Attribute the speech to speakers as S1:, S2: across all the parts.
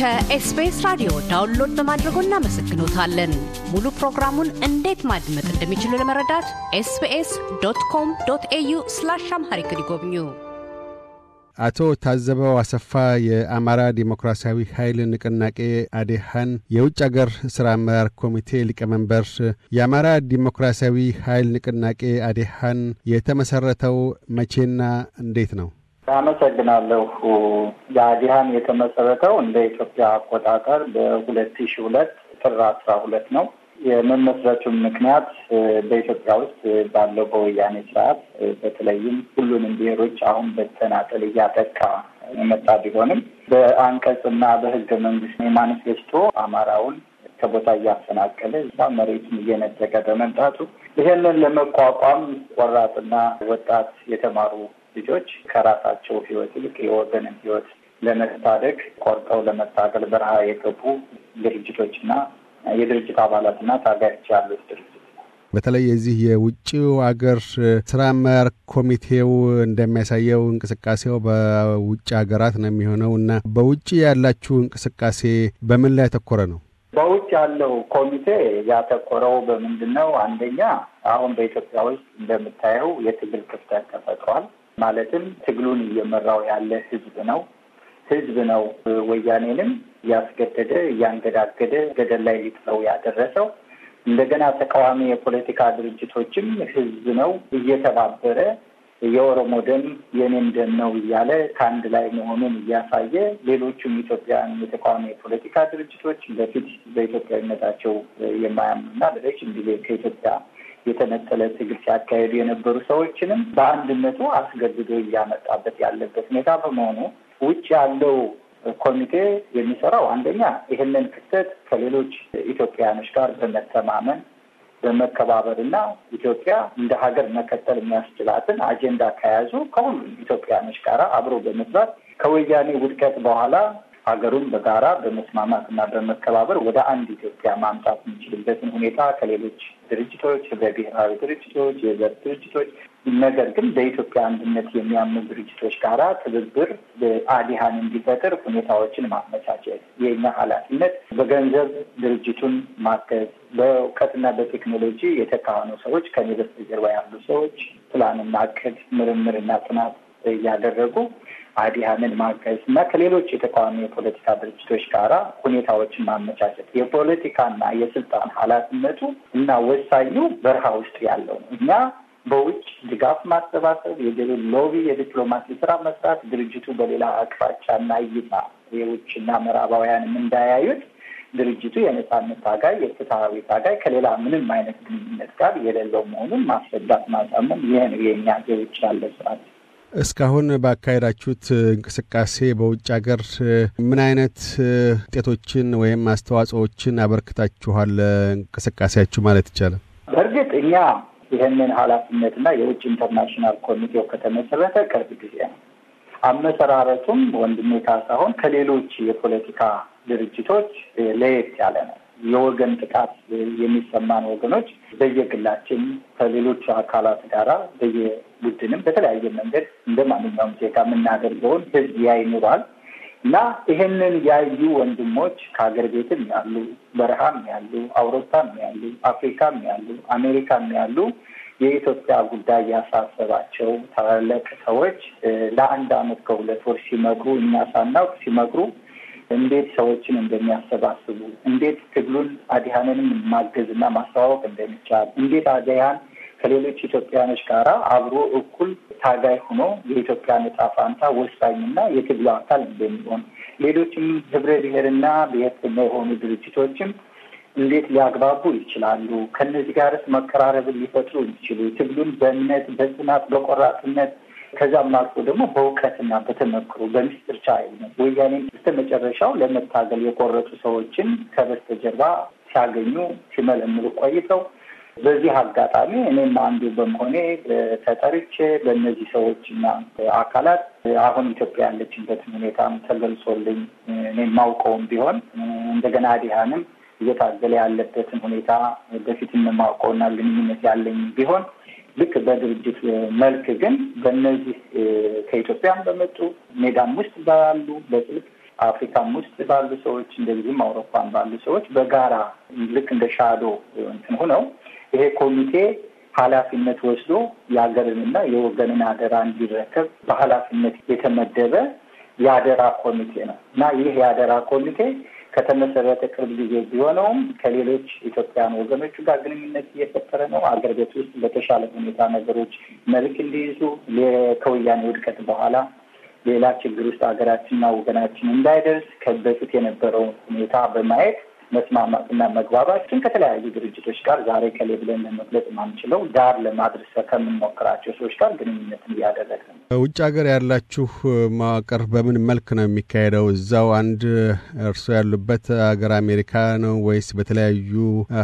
S1: ከኤስቢኤስ ራዲዮ ዳውንሎድ በማድረጎ እናመሰግኖታለን። ሙሉ ፕሮግራሙን እንዴት ማድመጥ እንደሚችሉ ለመረዳት ኤስቢኤስ ዶት ኮም ዶት ኤዩ ስላሽ አምሃሪክ ይጎብኙ። አቶ ታዘበው አሰፋ የአማራ ዲሞክራሲያዊ ኃይል ንቅናቄ አዴሃን የውጭ አገር ሥራ አመራር ኮሚቴ ሊቀመንበር። የአማራ ዲሞክራሲያዊ ኃይል ንቅናቄ አዴሃን የተመሠረተው መቼና እንዴት ነው?
S2: አመሰግናለሁ። የአዲሃን የተመሰረተው እንደ ኢትዮጵያ አቆጣጠር በሁለት ሺ ሁለት ጥር አስራ ሁለት ነው። የመመስረቱን ምክንያት በኢትዮጵያ ውስጥ ባለው በወያኔ ስርዓት በተለይም ሁሉንም ብሔሮች አሁን በተናጠል እያጠቃ የመጣ ቢሆንም በአንቀጽና በህገ መንግስት የማኒፌስቶ አማራውን ከቦታ እያፈናቀለ እዛ መሬት እየነጠቀ በመምጣቱ ይህንን ለመቋቋም ቆራጥና ወጣት የተማሩ ልጆች ከራሳቸው ህይወት ይልቅ የወገንን ህይወት ለመታደግ ቆርጠው ለመታገል በረሃ የገቡ ድርጅቶችና የድርጅት አባላትና ታጋዮች ያሉት ድርጅት
S1: በተለይ የዚህ የውጭው አገር ስራ አመራር ኮሚቴው እንደሚያሳየው እንቅስቃሴው በውጭ ሀገራት ነው የሚሆነው እና በውጭ ያላችሁ እንቅስቃሴ በምን ላይ ያተኮረ ነው?
S2: በውጭ ያለው ኮሚቴ ያተኮረው በምንድን ነው? አንደኛ አሁን በኢትዮጵያ ውስጥ እንደምታየው የትግል ክፍተት ተፈጥሯል። ማለትም ትግሉን እየመራው ያለ ህዝብ ነው ህዝብ ነው ወያኔንም እያስገደደ እያንገዳገደ ገደል ላይ ሊጥለው ያደረሰው። እንደገና ተቃዋሚ የፖለቲካ ድርጅቶችም ህዝብ ነው እየተባበረ የኦሮሞ ደም የኔም ደም ነው እያለ ከአንድ ላይ መሆኑን እያሳየ ሌሎቹም ኢትዮጵያን የተቃዋሚ የፖለቲካ ድርጅቶች በፊት በኢትዮጵያዊነታቸው የማያምኑና በረጅም ጊዜ ከኢትዮጵያ የተነጠለ ትግል ሲያካሄዱ የነበሩ ሰዎችንም በአንድነቱ አስገድዶ እያመጣበት ያለበት ሁኔታ በመሆኑ ውጭ ያለው ኮሚቴ የሚሰራው አንደኛ ይህንን ክስተት ከሌሎች ኢትዮጵያውያኖች ጋር በመተማመን በመከባበር እና ኢትዮጵያ እንደ ሀገር መከተል የሚያስችላትን አጀንዳ ከያዙ ከሁሉም ኢትዮጵያውያኖች ጋር አብሮ በመስራት ከወያኔ ውድቀት በኋላ ሀገሩን በጋራ በመስማማትና በመከባበር ወደ አንድ ኢትዮጵያ ማምጣት የሚችልበትን ሁኔታ ከሌሎች ድርጅቶች፣ ህብረ ድርጅቶች፣ የዘር ድርጅቶች ነገር ግን በኢትዮጵያ አንድነት የሚያምኑ ድርጅቶች ጋራ ትብብር አዲሃን እንዲፈጥር ሁኔታዎችን ማመቻቸት የኛ ኃላፊነት በገንዘብ ድርጅቱን ማገዝ፣ በእውቀትና በቴክኖሎጂ የተካኑ ሰዎች ከኔ በስተጀርባ ያሉ ሰዎች ፕላንና እቅድ ምርምርና ጥናት እያደረጉ አዲያንን ማገዝ እና ከሌሎች የተቃዋሚ የፖለቲካ ድርጅቶች ጋር ሁኔታዎችን ማመቻቸት የፖለቲካና የስልጣን ኃላፊነቱ እና ወሳኙ በረሃ ውስጥ ያለው ነው። እኛ በውጭ ድጋፍ ማሰባሰብ፣ የገቢ ሎቢ፣ የዲፕሎማሲ ስራ መስራት ድርጅቱ በሌላ አቅጣጫና እይታ የውጭና ምዕራባውያንም እንዳያዩት ድርጅቱ የነፃነት ታጋይ የፍትሀዊ ታጋይ ከሌላ ምንም አይነት ግንኙነት ጋር የሌለው መሆኑን ማስረዳት ማሳመን ይህ ነው የእኛ ያለ ስርዓት
S1: እስካሁን ባካሄዳችሁት እንቅስቃሴ በውጭ ሀገር ምን አይነት ውጤቶችን ወይም አስተዋጽኦዎችን አበርክታችኋል? እንቅስቃሴያችሁ ማለት ይቻላል።
S2: በእርግጥ እኛ ይህንን ኃላፊነትና የውጭ ኢንተርናሽናል ኮሚቴው ከተመሰረተ ቅርብ ጊዜ ነው። አመሰራረቱም ወንድሜ ካሳሁን ከሌሎች የፖለቲካ ድርጅቶች ለየት ያለ ነው። የወገን ጥቃት የሚሰማን ወገኖች በየግላችን ከሌሎች አካላት ጋራ በየቡድንም በተለያየ መንገድ እንደ ማንኛውም ዜጋ የምናደርገውን ህዝብ ያይኑሯል። እና ይህንን ያዩ ወንድሞች ከሀገር ቤትም ያሉ፣ በረሃም ያሉ፣ አውሮፓም ያሉ፣ አፍሪካም ያሉ፣ አሜሪካም ያሉ የኢትዮጵያ ጉዳይ ያሳሰባቸው ታላላቅ ሰዎች ለአንድ አመት ከሁለት ወር ሲመክሩ እኛ ሳናውቅ ሲመክሩ እንዴት ሰዎችን እንደሚያሰባስቡ፣ እንዴት ትግሉን አዲሃንንም ማገዝና ማስተዋወቅ እንደሚቻል፣ እንዴት አዲሃን ከሌሎች ኢትዮጵያኖች ጋር አብሮ እኩል ታጋይ ሆኖ የኢትዮጵያ ነጻ ፋንታ ወሳኝና የትግሉ አካል እንደሚሆን፣ ሌሎችም ህብረ ብሔርና ብሔርተኛ የሆኑ ድርጅቶችም እንዴት ሊያግባቡ ይችላሉ፣ ከነዚህ ጋርስ መቀራረብን ሊፈጥሩ ይችሉ፣ ትግሉን በእምነት በጽናት በቆራጥነት ከዛም አልፎ ደግሞ በእውቀትና በተመክሮ በሚስጥር ወያኔ ወያኔን መጨረሻው ለመታገል የቆረጡ ሰዎችን ከበስተጀርባ ሲያገኙ ሲመለምሉ ቆይተው በዚህ አጋጣሚ እኔም አንዱ በመሆኔ ተጠርቼ በእነዚህ ሰዎችና አካላት አሁን ኢትዮጵያ ያለችበትን ሁኔታም ተገልጾልኝ እኔ ማውቀውም ቢሆን እንደገና አዲሃንም እየታገለ ያለበትን ሁኔታ በፊት የማውቀውና ግንኙነት ያለኝ ቢሆን ልክ በድርጅት መልክ ግን በእነዚህ ከኢትዮጵያም በመጡ ሜዳም ውስጥ ባሉ በጥልቅ አፍሪካም ውስጥ ባሉ ሰዎች እንደዚህም አውሮፓም ባሉ ሰዎች በጋራ ልክ እንደ ሻዶ እንትን ሆነው ይሄ ኮሚቴ ኃላፊነት ወስዶ የሀገርንና የወገንን አደራ እንዲረከብ በኃላፊነት የተመደበ የአደራ ኮሚቴ ነው እና ይህ የአደራ ኮሚቴ ከተመሰረተ ቅርብ ጊዜ ቢሆነውም ከሌሎች ኢትዮጵያን ወገኖቹ ጋር ግንኙነት እየፈጠረ ነው። አገር ቤት ውስጥ በተሻለ ሁኔታ ነገሮች መልክ እንዲይዙ ከወያኔ ውድቀት በኋላ ሌላ ችግር ውስጥ ሀገራችንና ወገናችን እንዳይደርስ ከበፊት የነበረውን ሁኔታ በማየት መስማማትና መግባባትን ከተለያዩ ድርጅቶች ጋር ዛሬ ከሌ ብለን ለመግለጽ ማንችለው ዳር ለማድረስ ከምንሞክራቸው ሰዎች ጋር ግንኙነትን እያደረገ
S1: ነው። ውጭ ሀገር ያላችሁ ማዋቀር በምን መልክ ነው የሚካሄደው? እዛው አንድ እርስዎ ያሉበት ሀገር አሜሪካ ነው ወይስ በተለያዩ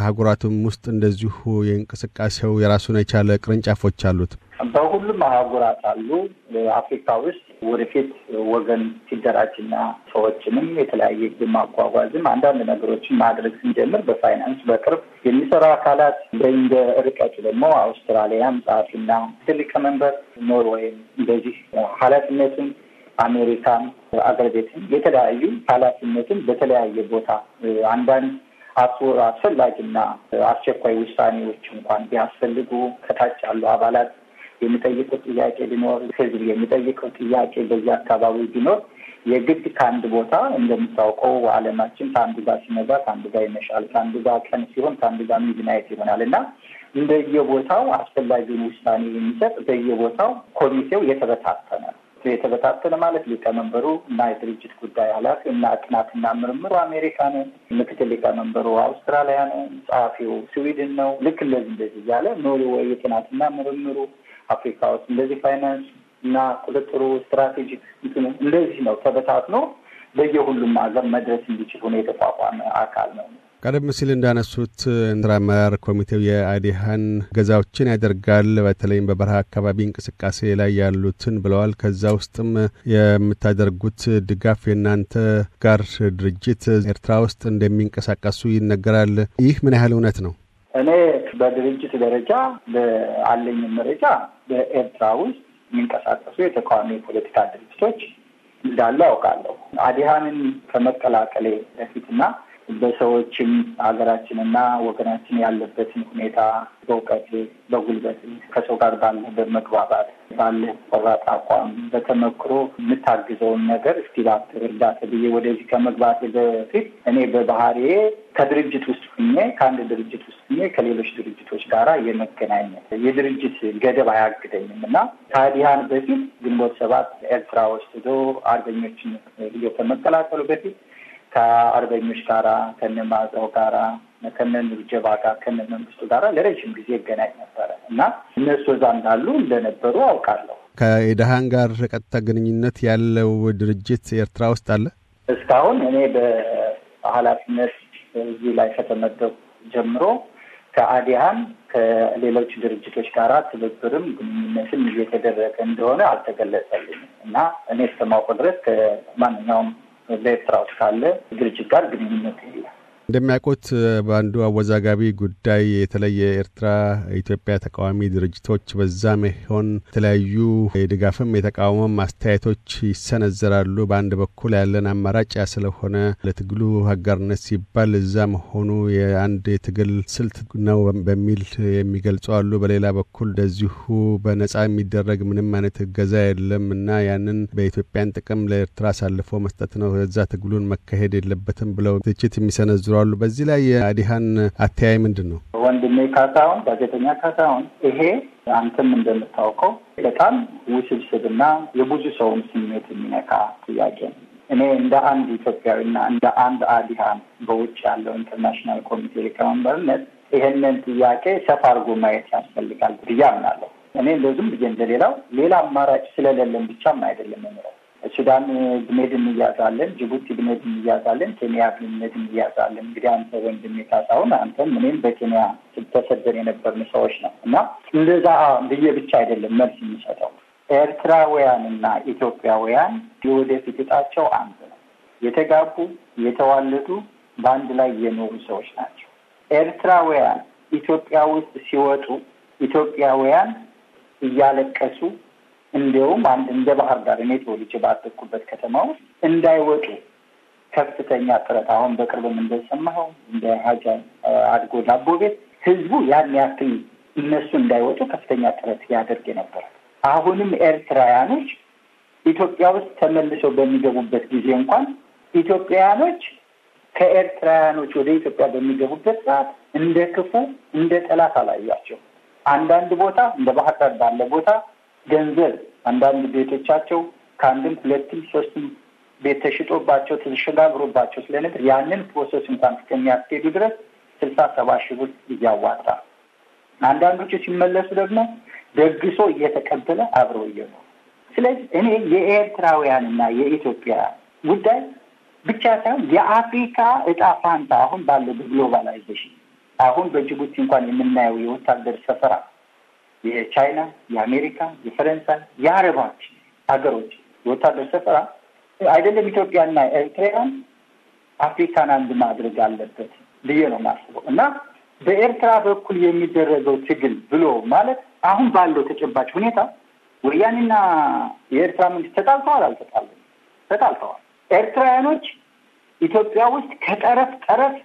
S1: ሀገራትም ውስጥ እንደዚሁ የእንቅስቃሴው የራሱን የቻለ ቅርንጫፎች አሉት?
S2: በሁሉም አህጉራት አሉ። አፍሪካ ውስጥ ወደፊት ወገን ሲደራጅና ሰዎችንም የተለያየ ጊዜ ማጓጓዝም አንዳንድ ነገሮችን ማድረግ ስንጀምር በፋይናንስ በቅርብ የሚሰራ አካላት በእንደ ርቀቱ ደግሞ አውስትራሊያም ጸሐፊና ሊቀመንበር ኖርዌይም እንደዚህ ኃላፊነቱን አሜሪካን አገር ቤትም የተለያዩ ኃላፊነትን በተለያየ ቦታ አንዳንድ አስወር አስፈላጊና አስቸኳይ ውሳኔዎች እንኳን ቢያስፈልጉ ከታች ያሉ አባላት የሚጠይቁት ጥያቄ ሊኖር ህዝብ የሚጠይቀው ጥያቄ በዚህ አካባቢ ቢኖር የግድ ከአንድ ቦታ እንደምታውቀው አለማችን ከአንዱ ጋር ሲነጋ ከአንዱ ጋር ይመሻል፣ ከአንዱ ጋር ቀን ሲሆን ከአንዱ ጋር ሚድናይት ይሆናል እና እንደየቦታው አስፈላጊውን ውሳኔ የሚሰጥ በየቦታው ኮሚቴው የተበታተነ ነው። የተበታተነ ማለት ሊቀመንበሩ እና የድርጅት ጉዳይ ኃላፊ እና ጥናትና ምርምሩ አሜሪካ ነው፣ ምክትል ሊቀመንበሩ አውስትራሊያ ነው፣ ጸሐፊው ስዊድን ነው። ልክ እንደዚህ እንደዚህ እያለ ኖርዌይ የጥናትና ምርምሩ አፍሪካ ውስጥ እንደዚህ ፋይናንስ እና ቁጥጥሩ ስትራቴጂክ እንደዚህ ነው። ተበታትኖ በየሁሉም ሀገር መድረስ እንዲችል ሆነ የተቋቋመ አካል ነው።
S1: ቀደም ሲል እንዳነሱት እንስራ አመራር ኮሚቴው የአዲሃን ገዛዎችን ያደርጋል። በተለይም በበረሃ አካባቢ እንቅስቃሴ ላይ ያሉትን ብለዋል። ከዛ ውስጥም የምታደርጉት ድጋፍ የእናንተ ጋር ድርጅት ኤርትራ ውስጥ እንደሚንቀሳቀሱ ይነገራል። ይህ ምን ያህል እውነት ነው?
S2: እኔ በድርጅት ደረጃ በአለኝ መረጃ በኤርትራ ውስጥ የሚንቀሳቀሱ የተቃዋሚ የፖለቲካ ድርጅቶች እንዳሉ አውቃለሁ። አዲሃንን ከመቀላቀሌ በፊትና በሰዎችም ሀገራችንና ወገናችን ያለበትን ሁኔታ በእውቀት፣ በጉልበት፣ ከሰው ጋር ባለ በመግባባት ባለ ቆራጥ አቋም፣ በተመክሮ የምታግዘውን ነገር እስቲ እባክህ እርዳት ብዬ ወደዚህ ከመግባት በፊት እኔ በባህሪዬ ከድርጅት ውስጥ ሁኜ ከአንድ ድርጅት ውስጥ ሁኜ ከሌሎች ድርጅቶች ጋር የመገናኘት የድርጅት ገደብ አያግደኝም እና ከአዲሃን በፊት ግንቦት ሰባት ኤርትራ ወስዶ አርበኞችን ሂዶ ከመቀላቀሉ በፊት ከአርበኞች ጋራ ከነ ማዕዛው ጋራ ከነ ንብጀባ ጋር ከነ መንግስቱ ጋራ ለረጅም ጊዜ ይገናኝ ነበረ እና እነሱ እዛ እንዳሉ እንደነበሩ አውቃለሁ።
S1: ከኤድሃን ጋር ቀጥታ ግንኙነት ያለው ድርጅት ኤርትራ ውስጥ አለ።
S2: እስካሁን እኔ በኃላፊነት እዚህ ላይ ከተመደቡ ጀምሮ ከአዲሃን ከሌሎች ድርጅቶች ጋራ ትብብርም ግንኙነትም እየተደረገ እንደሆነ አልተገለጸልኝም እና እኔ እስከማውቀው ድረስ ከማንኛውም በኤርትራ ውስጥ ካለ ድርጅት ጋር ግንኙነት የለም።
S1: እንደሚያውቁት በአንዱ አወዛጋቢ ጉዳይ የተለየ የኤርትራ ኢትዮጵያ ተቃዋሚ ድርጅቶች በዛም ይሆን የተለያዩ የድጋፍም የተቃውሞም አስተያየቶች ይሰነዘራሉ። በአንድ በኩል ያለን አማራጭ ያ ስለሆነ ለትግሉ አጋርነት ሲባል እዛ መሆኑ የአንድ የትግል ስልት ነው በሚል የሚገልጹ አሉ። በሌላ በኩል እንደዚሁ በነጻ የሚደረግ ምንም አይነት እገዛ የለም እና ያንን በኢትዮጵያን ጥቅም ለኤርትራ አሳልፎ መስጠት ነው፣ እዛ ትግሉን መካሄድ የለበትም ብለው ትችት የሚሰነዝሩ ይዘረዝራሉ። በዚህ ላይ የአዲሃን አተያይ ምንድን ነው?
S2: ወንድሜ ካሳሁን፣ ጋዜጠኛ ካሳሁን፣ ይሄ አንተም እንደምታውቀው በጣም ውስብስብና የብዙ ሰውን ስሜት የሚነካ ጥያቄ ነው። እኔ እንደ አንድ ኢትዮጵያዊና እንደ አንድ አዲሃን በውጭ ያለው ኢንተርናሽናል ኮሚቴ ሊቀመንበርነት ይህንን ጥያቄ ሰፋ አድርጎ ማየት ያስፈልጋል ብዬ አምናለሁ። እኔ እንደው ዝም ብዬ እንደሌላው ሌላ አማራጭ ስለሌለን ብቻም አይደለም ሱዳን ብንሄድ እንያዛለን፣ ጅቡቲ ብንሄድ እንያዛለን፣ ኬንያ ብንሄድ እንያዛለን። እንግዲህ አንተ ወንድሜ ካሳሁን አንተም እኔም በኬንያ ተሰደን የነበርን ሰዎች ነው እና እንደዛ ብዬ ብቻ አይደለም መልስ የሚሰጠው ኤርትራውያን እና ኢትዮጵያውያን የወደፊት እጣቸው አንድ ነው። የተጋቡ የተዋለዱ በአንድ ላይ የኖሩ ሰዎች ናቸው። ኤርትራውያን ኢትዮጵያ ውስጥ ሲወጡ ኢትዮጵያውያን እያለቀሱ እንዲሁም አንድ እንደ ባህር ዳር እኔ ተወልጄ ባደግኩበት ከተማ ውስጥ እንዳይወጡ ከፍተኛ ጥረት አሁን በቅርብም እንደሰማኸው እንደ ሀጃ አድጎ ዳቦ ቤት ህዝቡ ያን ያክል እነሱ እንዳይወጡ ከፍተኛ ጥረት ያደርግ የነበረ አሁንም ኤርትራውያኖች ኢትዮጵያ ውስጥ ተመልሰው በሚገቡበት ጊዜ እንኳን ኢትዮጵያውያኖች ከኤርትራውያኖች ወደ ኢትዮጵያ በሚገቡበት ሰዓት እንደ ክፉ እንደ ጠላት አላያቸው። አንዳንድ ቦታ እንደ ባህር ዳር ባለ ቦታ ገንዘብ አንዳንድ ቤቶቻቸው ከአንድም ሁለትም ሶስትም ቤት ተሽጦባቸው ተሸጋግሮባቸው ስለነበር ያንን ፕሮሰስ እንኳን እስከሚያስኬዱ ድረስ ስልሳ ሰባ ሺህ ብር እያዋጣ አንዳንዶቹ ሲመለሱ ደግሞ ደግሶ እየተቀበለ አብረው እየኖሩ ስለዚህ እኔ የኤርትራውያን ና የኢትዮጵያ ጉዳይ ብቻ ሳይሆን የአፍሪካ እጣ ፋንታ አሁን ባለው በግሎባላይዜሽን አሁን በጅቡቲ እንኳን የምናየው የወታደር ሰፈራ የቻይና፣ የአሜሪካ፣ የፈረንሳይ፣ የአረባች ሀገሮች የወታደር ሰፈራ አይደለም ኢትዮጵያና ኤርትራን አፍሪካን አንድ ማድረግ አለበት ብዬ ነው የማስበው እና በኤርትራ በኩል የሚደረገው ትግል ብሎ ማለት አሁን ባለው ተጨባጭ ሁኔታ ወያኔና የኤርትራ መንግስት ተጣልተዋል? አልተጣለም፣ ተጣልተዋል። ኤርትራውያኖች ኢትዮጵያ ውስጥ ከጠረፍ ጠረፍ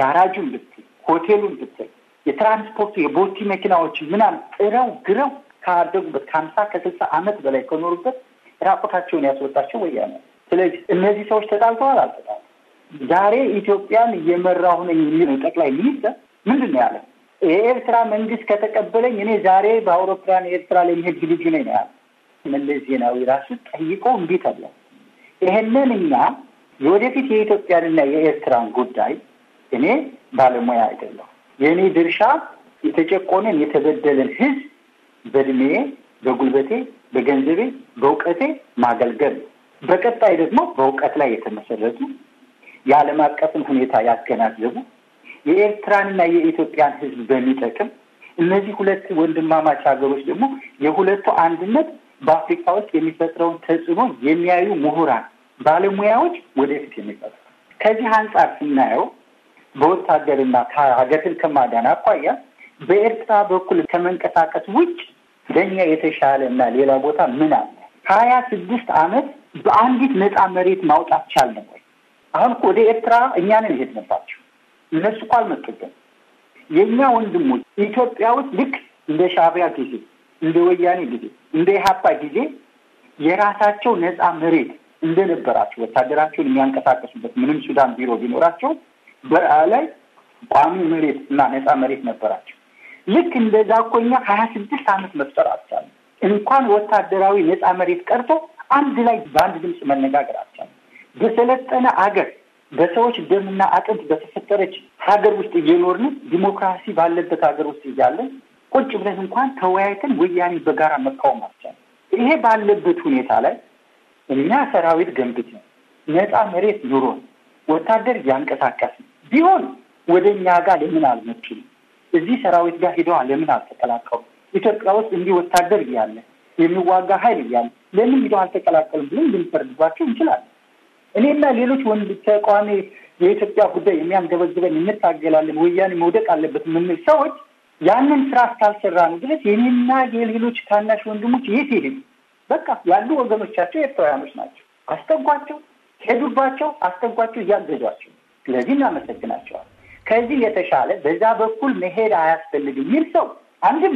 S2: ጋራጁን ብትል ሆቴሉን ብትል የትራንስፖርት የቦቲ መኪናዎች ምናምን ጥረው ግረው ካደጉበት ከሀምሳ ከስልሳ ዓመት በላይ ከኖሩበት ራቁታቸውን ያስወጣቸው ወያኔ። ስለዚህ እነዚህ ሰዎች ተጣልተዋል አልተጣሉ። ዛሬ ኢትዮጵያን እየመራሁ ነኝ የሚለው ጠቅላይ ሚኒስትር ምንድን ነው ያለ? የኤርትራ መንግስት ከተቀበለኝ እኔ ዛሬ በአውሮፕላን ኤርትራ ላይ መሄድ ዝግጁ ነኝ ያለ። መለስ ዜናዊ ራሱ ጠይቆ እምቢ ተብለ። ይህንን እኛ የወደፊት የኢትዮጵያንና የኤርትራን ጉዳይ እኔ ባለሙያ አይደለሁ የእኔ ድርሻ የተጨቆነን የተበደለን ህዝብ በእድሜ፣ በጉልበቴ፣ በገንዘቤ፣ በእውቀቴ ማገልገል ነው። በቀጣይ ደግሞ በእውቀት ላይ የተመሰረቱ የዓለም አቀፍን ሁኔታ ያገናዘቡ የኤርትራንና የኢትዮጵያን ህዝብ በሚጠቅም እነዚህ ሁለት ወንድማማች ሀገሮች ደግሞ የሁለቱ አንድነት በአፍሪካ ውስጥ የሚፈጥረውን ተጽዕኖ የሚያዩ ምሁራን፣ ባለሙያዎች ወደፊት የሚፈጥሩ ከዚህ አንጻር ስናየው በወታደርና ሀገርን ከማዳን አኳያ በኤርትራ በኩል ከመንቀሳቀስ ውጭ ለእኛ የተሻለ እና ሌላ ቦታ ምን አለ? ሀያ ስድስት አመት በአንዲት ነፃ መሬት ማውጣት ቻልን ወይ? አሁን እኮ ወደ ኤርትራ እኛንን ነን የሄድንባቸው፣ እነሱ እኮ አልመጡብን። የእኛ ወንድሞች ኢትዮጵያ ውስጥ ልክ እንደ ሻቢያ ጊዜ፣ እንደ ወያኔ ጊዜ፣ እንደ ኢህአፓ ጊዜ የራሳቸው ነፃ መሬት እንደነበራቸው ወታደራቸውን የሚያንቀሳቀሱበት ምንም ሱዳን ቢሮ ቢኖራቸው በረሃ ላይ ቋሚ መሬት እና ነፃ መሬት ነበራቸው። ልክ እንደዛ እኮ እኛ ሀያ ስድስት ዓመት መፍጠር አልቻለም። እንኳን ወታደራዊ ነፃ መሬት ቀርቶ አንድ ላይ በአንድ ድምፅ መነጋገር አልቻለም። በሰለጠነ አገር በሰዎች ደምና አጥንት በተፈጠረች ሀገር ውስጥ እየኖርን ዲሞክራሲ ባለበት ሀገር ውስጥ እያለን ቁጭ ብለን እንኳን ተወያይተን ወያኔ በጋራ መቃወም አልቻለም። ይሄ ባለበት ሁኔታ ላይ እኛ ሰራዊት ገንብት ነው ነፃ መሬት ኑሮን ወታደር እያንቀሳቀስን ቢሆን ወደ እኛ ጋር ለምን አልመጡም? እዚህ ሰራዊት ጋር ሂደዋ ለምን አልተቀላቀሉ? ኢትዮጵያ ውስጥ እንዲህ ወታደር እያለ የሚዋጋ ኃይል እያለ ለምን ሂደው አልተቀላቀሉም ብለን ልንፈርድባቸው እንችላለን። እኔና ሌሎች ወንድ ተቃዋሚ የኢትዮጵያ ጉዳይ የሚያንገበግበን እንታገላለን፣ ወያኔ መውደቅ አለበት የምንል ሰዎች ያንን ስራ ነው ድረስ የኔና የሌሎች ታናሽ ወንድሞች የት ሄድን? በቃ ያሉ ወገኖቻቸው ኤርትራውያኖች ናቸው። አስጠጓቸው፣ ሄዱባቸው፣ አስጠጓቸው፣ እያገዟቸው ስለዚህ እናመሰግናቸዋል። ከዚህ የተሻለ በዛ በኩል መሄድ አያስፈልግም የሚል ሰው አንድም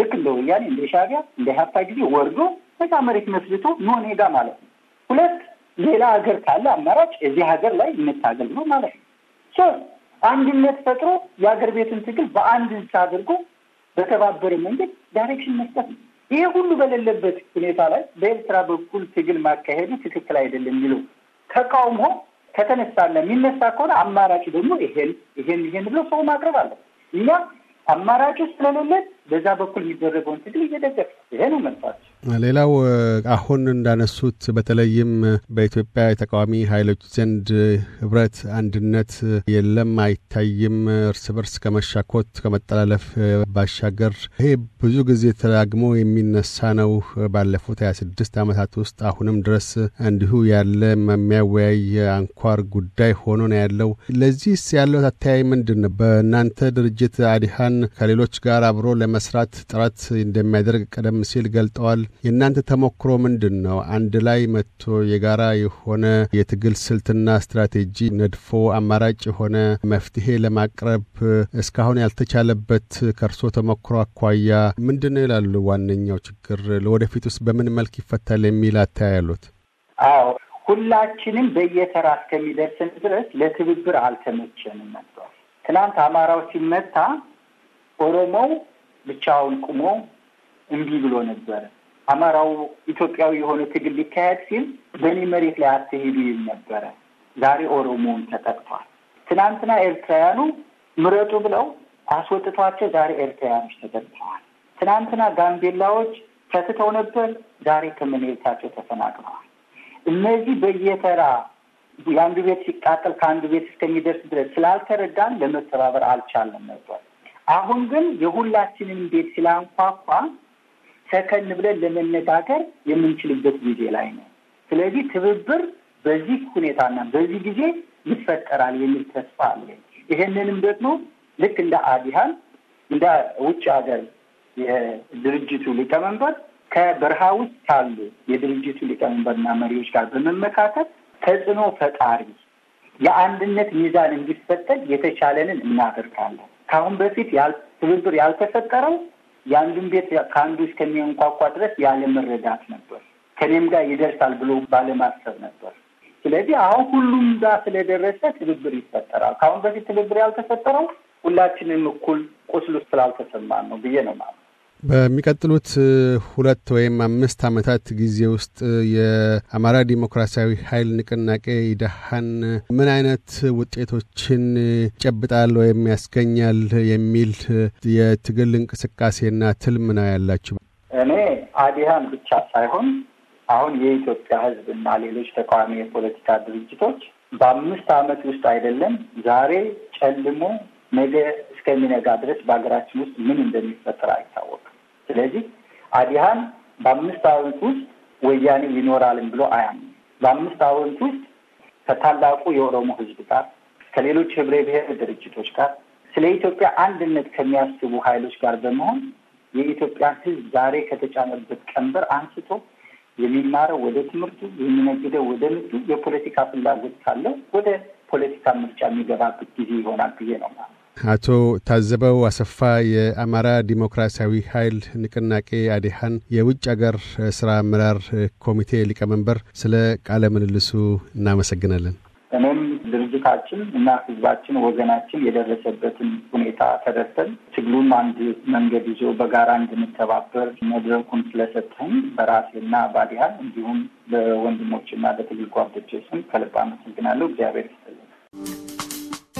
S2: ልክ እንደ ወያኔ እንደ ሻቢያ እንደ ሀብታ ጊዜ ወርዶ በዛ መሬት መስልቶ ኖኔ ማለት ነው። ሁለት ሌላ ሀገር ካለ አማራጭ እዚህ ሀገር ላይ እንታገል ነው ማለት ነው። ሶስት አንድነት ፈጥሮ የሀገር ቤትን ትግል በአንድ እንስ አድርጎ በተባበረ መንገድ ዳይሬክሽን መስጠት ነው። ይሄ ሁሉ በሌለበት ሁኔታ ላይ በኤርትራ በኩል ትግል ማካሄዱ ትክክል አይደለም የሚለው ተቃውሞ ከተነሳና የሚነሳ ከሆነ አማራጭ ደግሞ ይሄን ይሄን ይሄን ብሎ ሰው ማቅረብ አለ። እኛ አማራጭ ስለሌለን በዛ በኩል የሚደረገውን ትግል እየደገፍ ይሄ ነው መንፋት
S1: ሌላው አሁን እንዳነሱት በተለይም በኢትዮጵያ የተቃዋሚ ኃይሎች ዘንድ ህብረት፣ አንድነት የለም አይታይም። እርስ በርስ ከመሻኮት ከመጠላለፍ ባሻገር ይሄ ብዙ ጊዜ ተዳግሞ የሚነሳ ነው። ባለፉት ስድስት ዓመታት ውስጥ አሁንም ድረስ እንዲሁ ያለ የሚያወያይ አንኳር ጉዳይ ሆኖ ነው ያለው። ለዚህስ ያለው አተያይ ምንድን ነው? በእናንተ ድርጅት አዲሃን ከሌሎች ጋር አብሮ ለመስራት ጥረት እንደሚያደርግ ቀደም ሲል ገልጠዋል። የእናንተ ተሞክሮ ምንድን ነው? አንድ ላይ መጥቶ የጋራ የሆነ የትግል ስልትና ስትራቴጂ ነድፎ አማራጭ የሆነ መፍትሄ ለማቅረብ እስካሁን ያልተቻለበት ከእርሶ ተሞክሮ አኳያ ምንድን ነው ይላሉ? ዋነኛው ችግር ለወደፊት ውስጥ በምን መልክ ይፈታል የሚል አታያሉት?
S2: አዎ ሁላችንም በየተራ እስከሚደርስን ድረስ ለትብብር አልተመቸንም ነበር። ትናንት አማራው ሲመታ ኦሮሞው ብቻውን ቁሞ እምቢ ብሎ ነበር። አማራው ኢትዮጵያዊ የሆነ ትግል ሊካሄድ ሲል በእኔ መሬት ላይ አትሄዱ ይል ነበረ። ዛሬ ኦሮሞውን ተጠቅቷል። ትናንትና ኤርትራውያኑ ምረጡ ብለው አስወጥቷቸው ዛሬ ኤርትራውያኖች ተጠቅተዋል። ትናንትና ጋምቤላዎች ተትተው ነበር፣ ዛሬ ከመሬታቸው ተፈናቅለዋል። እነዚህ በየተራ የአንዱ ቤት ሲቃጠል ከአንዱ ቤት እስከሚደርስ ድረስ ስላልተረዳን ለመተባበር አልቻለም ነበር። አሁን ግን የሁላችንን ቤት ስላንኳኳ ሰከን ብለን ለመነጋገር የምንችልበት ጊዜ ላይ ነው። ስለዚህ ትብብር በዚህ ሁኔታና በዚህ ጊዜ ይፈጠራል የሚል ተስፋ አለ። ይሄንንም ደግሞ ልክ እንደ አዲሃን እንደ ውጭ ሀገር የድርጅቱ ሊቀመንበር ከበረሃ ውስጥ ካሉ የድርጅቱ ሊቀመንበርና መሪዎች ጋር በመመካከል ተጽዕኖ ፈጣሪ የአንድነት ሚዛን እንዲፈጠል የተቻለንን እናደርጋለን። ከአሁን በፊት ትብብር ያልተፈጠረው የአንዱን ቤት ከአንዱ እስከሚንኳኳ ድረስ ያለመረዳት ነበር። ከኔም ጋር ይደርሳል ብሎ ባለማሰብ ነበር። ስለዚህ አሁን ሁሉም ጋር ስለደረሰ ትብብር ይፈጠራል። ከአሁን በፊት ትብብር ያልተፈጠረው ሁላችንም እኩል ቁስሉ ስላልተሰማን ነው ብዬ ነው ማለት
S1: በሚቀጥሉት ሁለት ወይም አምስት ዓመታት ጊዜ ውስጥ የአማራ ዲሞክራሲያዊ ኃይል ንቅናቄ ይደሃን ምን አይነት ውጤቶችን ይጨብጣል ወይም ያስገኛል የሚል የትግል እንቅስቃሴና ትልም ነው ያላችሁ? እኔ
S2: አዲሃን ብቻ ሳይሆን አሁን የኢትዮጵያ እና ሌሎች ተቃዋሚ የፖለቲካ ድርጅቶች በአምስት ዓመት ውስጥ አይደለም ዛሬ ጨልሞ ነገ እስከሚነጋ ድረስ በሀገራችን ውስጥ ምን እንደሚፈጠር አይታወቅም። ስለዚህ አዲሃን በአምስት አወንት ውስጥ ወያኔ ይኖራልን ብሎ አያምንም። በአምስት አወንት ውስጥ ከታላቁ የኦሮሞ ህዝብ ጋር፣ ከሌሎች ህብረ ብሔር ድርጅቶች ጋር፣ ስለ ኢትዮጵያ አንድነት ከሚያስቡ ኃይሎች ጋር በመሆን የኢትዮጵያ ህዝብ ዛሬ ከተጫነበት ቀንበር አንስቶ የሚማረው ወደ ትምህርቱ፣ የሚነግደው ወደ ንግዱ፣ የፖለቲካ ፍላጎት ካለው ወደ ፖለቲካ ምርጫ የሚገባበት ጊዜ ይሆናል ብዬ ነው ማለት
S1: አቶ ታዘበው አሰፋ የአማራ ዲሞክራሲያዊ ኃይል ንቅናቄ አዲሃን የውጭ አገር ስራ አመራር ኮሚቴ ሊቀመንበር፣ ስለ ቃለ ምልልሱ እናመሰግናለን።
S2: እኔም ድርጅታችን እና ህዝባችን ወገናችን የደረሰበትን ሁኔታ ተረድተን ትግሉም አንድ መንገድ ይዞ በጋራ እንድንተባበር መድረኩን ስለሰጠን በራሴና ባዲያን እንዲሁም በወንድሞችና በትግል ጓደኞቼ ስም ከልብ አመሰግናለሁ። እግዚአብሔር